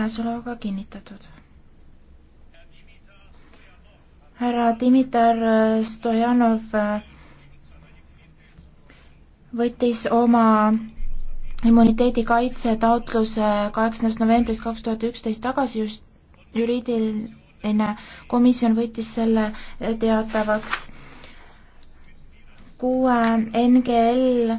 käesolevaga kinnitatud. härra Dimitar Stojanov äh, võttis oma immuniteedi kaitse taotluse kaheksandast novembrist kaks tuhat üksteist tagasi just juriidiline komisjon võttis selle teatavaks. kuue NGL